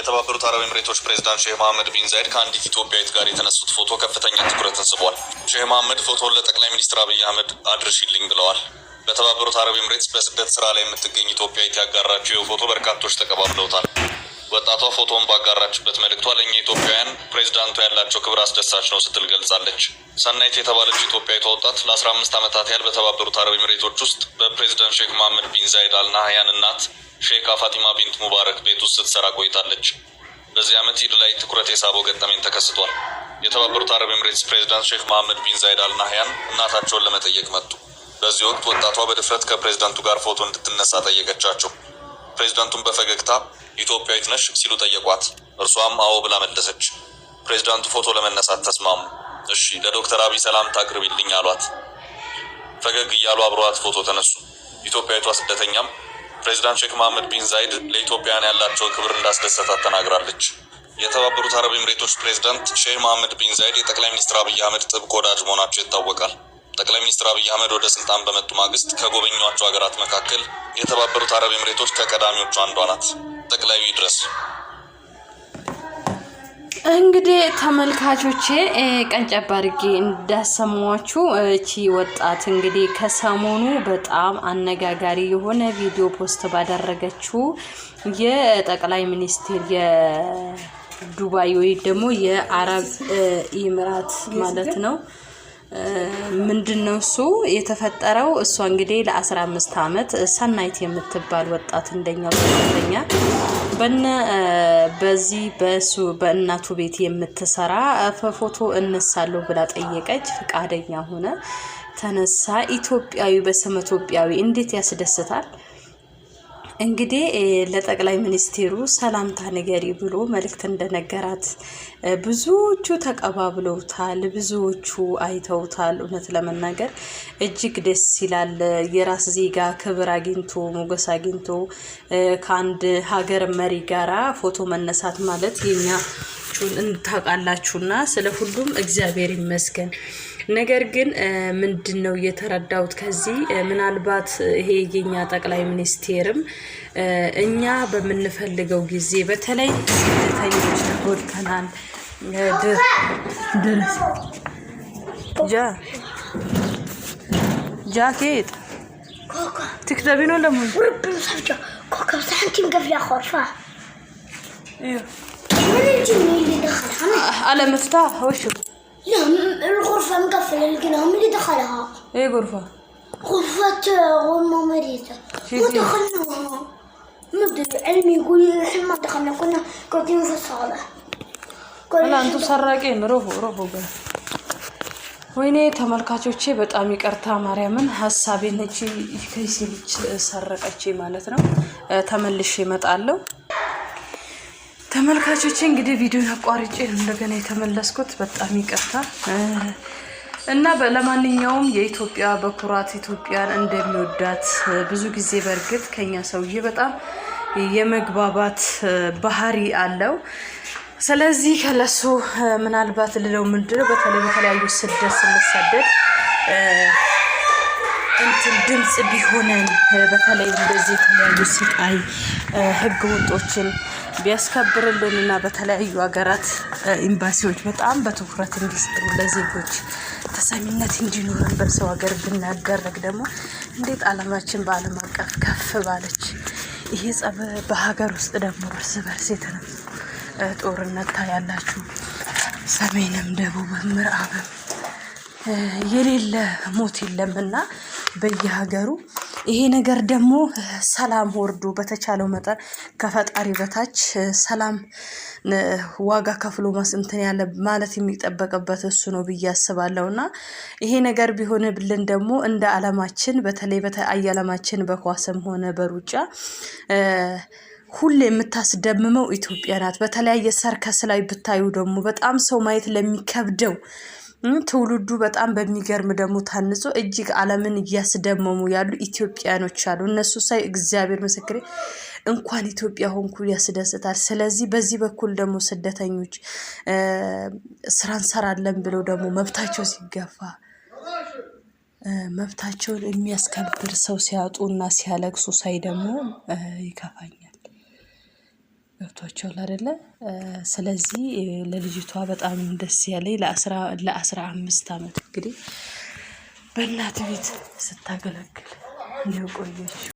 የተባበሩት አረብ ኤምሬቶች ፕሬዚዳንት ሼህ መሐመድ ቢን ዛይድ ከአንዲት ኢትዮጵያዊት ጋር የተነሱት ፎቶ ከፍተኛ ትኩረትን ስቧል። ሼህ መሐመድ ፎቶን ለጠቅላይ ሚኒስትር አብይ አህመድ አድርሽልኝ ብለዋል። በተባበሩት አረብ ኤምሬትስ በስደት ስራ ላይ የምትገኝ ኢትዮጵያዊት ያጋራችው ፎቶ በርካቶች ተቀባብለውታል። ወጣቷ ፎቶን ባጋራችበት መልእክቷ ለእኛ ኢትዮጵያውያን ፕሬዚዳንቷ ያላቸው ክብር አስደሳች ነው ስትል ገልጻለች። ሰናይት የተባለች ኢትዮጵያዊቷ ወጣት ለአስራ አምስት ዓመታት ያህል በተባበሩት አረብ ኤምሬቶች ውስጥ በፕሬዚዳንት ሼክ መሐመድ ቢን ዛይድ አልናህያን እናት ሼካ ፋቲማ ቢንት ሙባረክ ቤት ውስጥ ስትሰራ ቆይታለች። በዚህ ዓመት ኢድ ላይ ትኩረት የሳበው ገጠመኝ ተከስቷል። የተባበሩት አረብ ኤምሬትስ ፕሬዚዳንት ሼክ መሐመድ ቢን ዛይድ አልናህያን እናታቸውን ለመጠየቅ መጡ። በዚህ ወቅት ወጣቷ በድፍረት ከፕሬዚዳንቱ ጋር ፎቶ እንድትነሳ ጠየቀቻቸው። ፕሬዚዳንቱን በፈገግታ ኢትዮጵያዊት ነሽ ሲሉ ጠየቋት። እርሷም አዎ ብላ መለሰች። ፕሬዚዳንቱ ፎቶ ለመነሳት ተስማሙ። እሺ ለዶክተር አብይ ሰላምታ አቅርቢልኝ አሏት። ፈገግ እያሉ አብረዋት ፎቶ ተነሱ። ኢትዮጵያዊቷ ስደተኛም ፕሬዚዳንት ሼክ መሐመድ ቢን ዛይድ ለኢትዮጵያውያን ያላቸው ክብር እንዳስደሰታት ተናግራለች። የተባበሩት አረብ ኤምሬቶች ፕሬዚዳንት ሼህ መሐመድ ቢን ዛይድ የጠቅላይ ሚኒስትር አብይ አህመድ ጥብቅ ወዳጅ መሆናቸው ይታወቃል። ጠቅላይ ሚኒስትር አብይ አህመድ ወደ ስልጣን በመጡ ማግስት ከጎበኟቸው ሀገራት መካከል የተባበሩት አረብ ኤምሬቶች ከቀዳሚዎቹ አንዷ ናት። ጠቅላዩ ይድረስ እንግዲህ ተመልካቾቼ ቀንጨብ አድርጌ እንዳሰማችሁ እቺ ወጣት እንግዲህ ከሰሞኑ በጣም አነጋጋሪ የሆነ ቪዲዮ ፖስት ባደረገችው የጠቅላይ ሚኒስትር የዱባይ ወይም ደግሞ የአረብ ኢምራት ማለት ነው ምንድን ነው እሱ የተፈጠረው? እሷ እንግዲህ ለ15 ዓመት ሰናይት የምትባል ወጣት እንደኛው ሰራተኛ በነ በዚህ በሱ በእናቱ ቤት የምትሰራ ፎቶ እነሳለሁ ብላ ጠየቀች። ፈቃደኛ ሆነ፣ ተነሳ። ኢትዮጵያዊ በስመ ኢትዮጵያዊ እንዴት ያስደስታል! እንግዲህ ለጠቅላይ ሚኒስትሩ ሰላምታ ንገሪ ብሎ መልእክት እንደነገራት ብዙዎቹ ተቀባብለውታል፣ ብዙዎቹ አይተውታል። እውነት ለመናገር እጅግ ደስ ይላል። የራስ ዜጋ ክብር አግኝቶ ሞገስ አግኝቶ ከአንድ ሀገር መሪ ጋራ ፎቶ መነሳት ማለት የኛ ሁላችሁን እንታውቃላችሁና ስለ ሁሉም እግዚአብሔር ይመስገን። ነገር ግን ምንድን ነው እየተረዳሁት ከዚህ ምናልባት ይሄ የኛ ጠቅላይ ሚኒስቴርም እኛ በምንፈልገው ጊዜ በተለይ ስደተኞች ተጎድተናል ጃኬት ትክተቢ ነው ለሙ من الجني آه، اللي دخلها؟ على مفتاح وشو؟ لا الغرفة مقفلة لقيناها اللي دخلها؟ اي غرفة؟ غرفة غرفة آه، مريضة ما دخلناها ما ادري علمي يقول الحين ما دخلنا كنا قاعدين في الصالة لا انتم سراقين روحوا روحوا ወይኔ ተመልካቾቼ በጣም ይቅርታ ማርያምን ሀሳቤን እቺ ከይሲ ልጅ ሰረቀች ማለት ነው። ተመልሼ እመጣለሁ። ተመልካቾች እንግዲህ ቪዲዮን አቋርጬ እንደገና የተመለስኩት በጣም ይቅርታ እና ለማንኛውም የኢትዮጵያ በኩራት ኢትዮጵያን እንደሚወዳት ብዙ ጊዜ በእርግጥ ከኛ ሰውዬ በጣም የመግባባት ባህሪ አለው። ስለዚህ ከለሱ ምናልባት ልለው ምንድነው በተለይ በተለያዩ ስደት ስንሰደድ እንትን ድምፅ ቢሆነን በተለይ እንደዚህ የተለያዩ ስቃይ ህገ ወጦችን ቢያስከብርልን እና በተለያዩ ሀገራት ኤምባሲዎች በጣም በትኩረት እንዲሰሩ ለዜጎች ተሰሚነት እንዲኖረን በሰው ሀገር ብናደረግ ደግሞ እንዴት አለማችን በአለም አቀፍ ከፍ ባለች። ይሄ ጸበ በሀገር ውስጥ ደግሞ እርስ በርስ የተነሱ ጦርነት ታያላችሁ። ሰሜንም፣ ደቡብም ምዕራብም የሌለ ሞት የለም እና በየሀገሩ ይሄ ነገር ደግሞ ሰላም ወርዶ በተቻለው መጠን ከፈጣሪ በታች ሰላም ዋጋ ከፍሎ መስንትን ያለ ማለት የሚጠበቅበት እሱ ነው ብዬ አስባለሁ። እና ይሄ ነገር ብልን ደግሞ እንደ አለማችን በተለይ በተለያየ አለማችን በኳስም ሆነ በሩጫ ሁሌ የምታስደምመው ኢትዮጵያ ናት። በተለያየ ሰርከስ ላይ ብታዩ ደግሞ በጣም ሰው ማየት ለሚከብደው ትውልዱ በጣም በሚገርም ደግሞ ታንጾ እጅግ ዓለምን እያስደመሙ ያሉ ኢትዮጵያኖች አሉ። እነሱ ሳይ እግዚአብሔር ምስክሬ እንኳን ኢትዮጵያ ሆንኩ ያስደስታል። ስለዚህ በዚህ በኩል ደግሞ ስደተኞች ስራ እንሰራለን ብለው ደግሞ መብታቸው ሲገፋ መብታቸውን የሚያስከብር ሰው ሲያጡ እና ሲያለቅሱ ሳይ ደግሞ ይከፋኛል። ገብቷቸዋል አይደለ? ስለዚህ ለልጅቷ በጣም ደስ ያለኝ ለአስራ አምስት አመት እንግዲህ በእናት ቤት ስታገለግል እንዲሁ ቆየች።